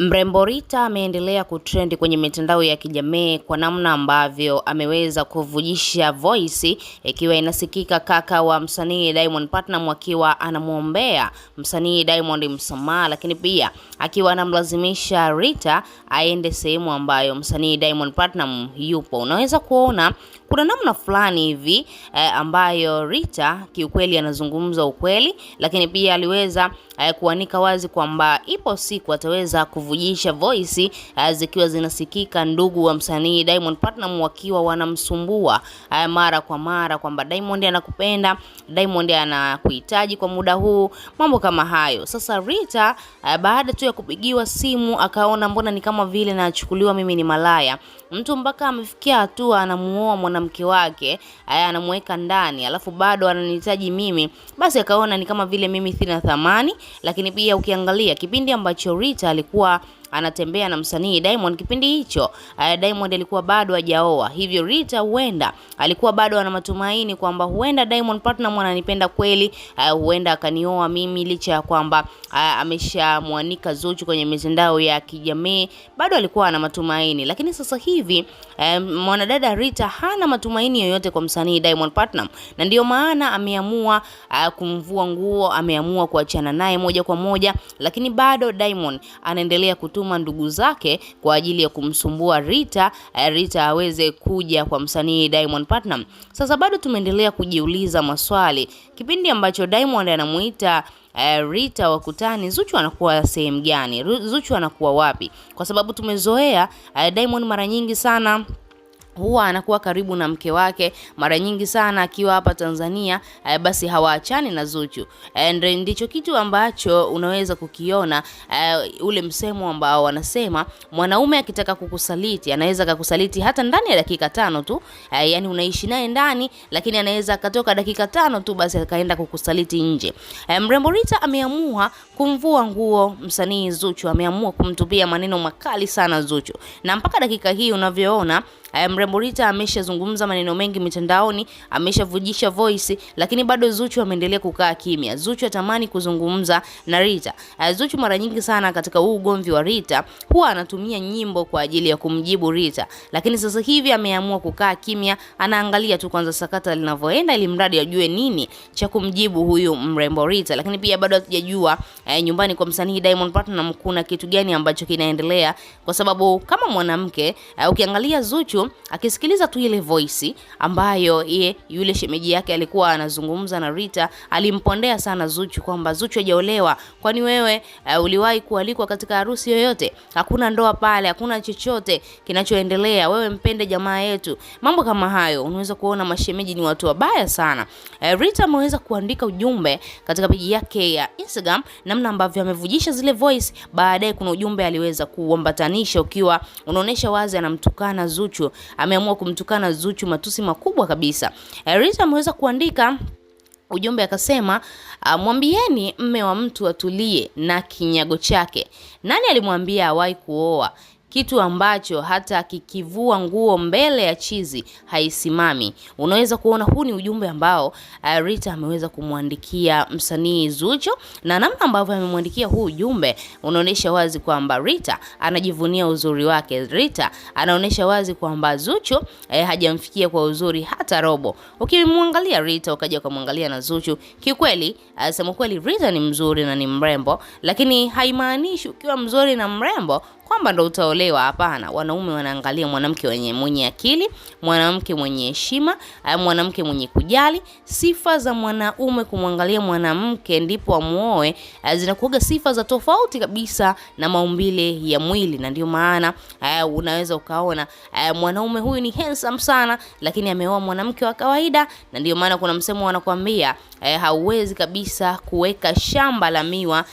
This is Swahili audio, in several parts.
Mrembo Rita ameendelea kutrendi kwenye mitandao ya kijamii kwa namna ambavyo ameweza kuvujisha voice ikiwa inasikika kaka wa msanii Diamond Platnumz akiwa anamwombea msanii Diamond msamaha, lakini pia akiwa anamlazimisha Rita aende sehemu ambayo msanii Diamond Platnumz yupo. Unaweza kuona kuna namna fulani hivi eh, ambayo Rita kiukweli anazungumza ukweli, lakini pia aliweza Eh, kuanika wazi kwamba ipo siku ataweza kuvujisha voisi eh, zikiwa zinasikika ndugu wa msanii Diamond Platinum wakiwa wanamsumbua eh, mara kwa mara kwamba Diamond anakupenda, Diamond anakuhitaji kwa muda huu, mambo kama hayo. Sasa Rita baada tu ya kupigiwa simu akaona mbona ni kama vile nachukuliwa mimi ni malaya mtu mpaka amefikia hatua anamuoa mwanamke wake, aya, anamweka ndani, alafu bado ananihitaji mimi, basi akaona ni kama vile mimi sina thamani. Lakini pia ukiangalia kipindi ambacho Rita alikuwa anatembea na msanii Diamond kipindi hicho. Eh, Diamond alikuwa bado hajaoa, hivyo Rita huenda alikuwa bado ana matumaini kwamba huenda Diamond Platnumz ananipenda kweli, eh, huenda akanioa mimi, licha ya kwamba eh, ameshamwanika Zuchu kwenye mitandao ya kijamii, bado alikuwa ana matumaini. Lakini sasa hivi mwanadada Rita hana matumaini yoyote kwa msanii Diamond Platnumz, na ndio maana ameamua kumvua nguo, ameamua kuachana naye moja kwa moja, lakini bado Diamond anaendelea kutu aliwatuma ndugu zake kwa ajili ya kumsumbua Rita, eh, Rita aweze kuja kwa msanii Diamond Platinum. Sasa bado tumeendelea kujiuliza maswali, kipindi ambacho Diamond anamuita Uh, Rita wakutani, Zuchu anakuwa sehemu gani? Zuchu anakuwa wapi? Kwa sababu tumezoea uh, Diamond mara nyingi sana huwa anakuwa karibu na mke wake mara nyingi sana akiwa hapa Tanzania, e, basi hawaachani na Zuchu. E, ndicho kitu ambacho unaweza kukiona e, ule msemo ambao wanasema mwanaume akitaka kukusaliti anaweza kukusaliti hata ndani ya dakika tano tu. E, yani unaishi naye ndani lakini anaweza akatoka dakika tano tu basi akaenda kukusaliti nje. E, mrembo Rita ameamua kumvua nguo msanii Zuchu, ameamua kumtupia maneno makali sana Zuchu, na mpaka dakika hii unavyoona Eh, mrembo Rita ameshazungumza maneno mengi mitandaoni, ameshavujisha voice, lakini bado Zuchu ameendelea kukaa kimya. Zuchu atamani kuzungumza na Rita. Eh, Zuchu mara nyingi sana katika huu ugomvi wa Rita huwa anatumia nyimbo kwa ajili ya kumjibu Rita, lakini sasa hivi ameamua kukaa kimya, anaangalia tu kwanza sakata linavyoenda, ili mradi ajue nini cha kumjibu huyu mrembo Rita. Lakini pia bado hatujajua e, nyumbani kwa msanii Diamond Platnumz kuna kitu gani ambacho kinaendelea, kwa sababu kama mwanamke e, ukiangalia Zuchu mtu akisikiliza tu ile voice ambayo ye yule shemeji yake alikuwa anazungumza na Rita, alimpondea sana Zuchu kwamba Zuchu hajaolewa, kwani wewe uh, uliwahi kualikwa katika harusi yoyote? Hakuna ndoa pale, hakuna chochote kinachoendelea, wewe mpende jamaa yetu. Mambo kama hayo, unaweza kuona mashemeji ni watu wabaya sana. Uh, Rita ameweza kuandika ujumbe katika peji yake ya Instagram, namna ambavyo amevujisha zile voice. Baadaye kuna ujumbe aliweza kuambatanisha, ukiwa unaonesha wazi anamtukana Zuchu ameamua kumtukana Zuchu matusi makubwa kabisa. Eh, Rita ameweza kuandika ujumbe akasema, ah, mwambieni mme wa mtu atulie na kinyago chake. Nani alimwambia awahi kuoa? kitu ambacho hata kikivua nguo mbele ya chizi haisimami. Unaweza kuona huu ni ujumbe ambao uh, Rita ameweza kumwandikia msanii Zuchu, na namna ambavyo amemwandikia huu ujumbe unaonyesha wazi kwamba Rita anajivunia uzuri wake. Rita anaonyesha wazi kwamba Zuchu eh, hajamfikia kwa uzuri hata robo. Ukimwangalia Rita ukaja ukamwangalia na Zuchu, kiukweli asema eh, kweli Rita ni mzuri na ni mrembo, lakini haimaanishi ukiwa mzuri na mrembo kwamba ndo utaolewa. Hapana, wanaume wanaangalia mwanamke mwenye mwenye akili, mwanamke mwenye heshima, eh, mwanamke mwenye kujali. Sifa za mwanaume kumwangalia mwanamke ndipo amuoe eh, zinakuwaga sifa za tofauti kabisa na maumbile ya mwili, na ndio maana eh, unaweza ukaona mwanaume huyu ni handsome sana, lakini ameoa mwanamke wa kawaida. Na ndio maana kuna msemo wanakuambia hauwezi kabisa kuweka shamba la miwa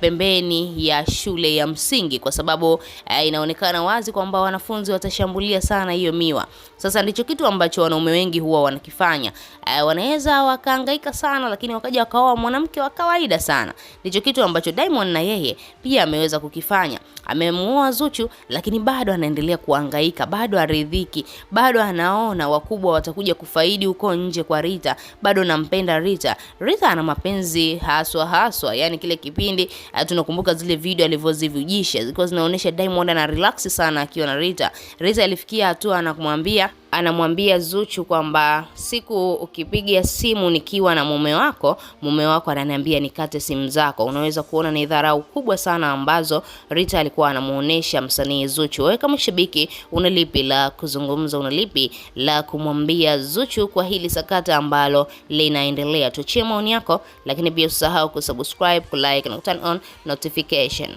pembeni ya shule ya msingi kwa sababu eh, inaonekana wazi kwamba wanafunzi watashambulia sana hiyo miwa. Sasa ndicho kitu ambacho wanaume wengi huwa wanakifanya eh, wanaweza wakahangaika sana, lakini wakaja wakaoa mwanamke wa kawaida sana. Ndicho kitu ambacho Diamond na yeye pia ameweza kukifanya. Amemuoa Zuchu, lakini bado anaendelea kuhangaika, bado aridhiki, bado anaona wakubwa watakuja kufaidi huko nje kwa Rita, bado nampenda Rita. Rita ana mapenzi haswa haswa, yani kile kipindi eh, tunakumbuka zile video alivyozivujisha zilikuwa zinaonyesha kumaanisha Diamond ana relax sana akiwa na Rita. Rita alifikia hatua anakumwambia anamwambia Zuchu kwamba siku ukipiga simu nikiwa na mume wako, mume wako ananiambia nikate simu zako. Unaweza kuona ni dharau kubwa sana ambazo Rita alikuwa anamuonesha msanii Zuchu. Wewe kama shabiki unalipi la kuzungumza, unalipi la kumwambia Zuchu kwa hili sakata ambalo linaendelea? Tuachie maoni yako, lakini pia usisahau kusubscribe, kulike na turn on notification.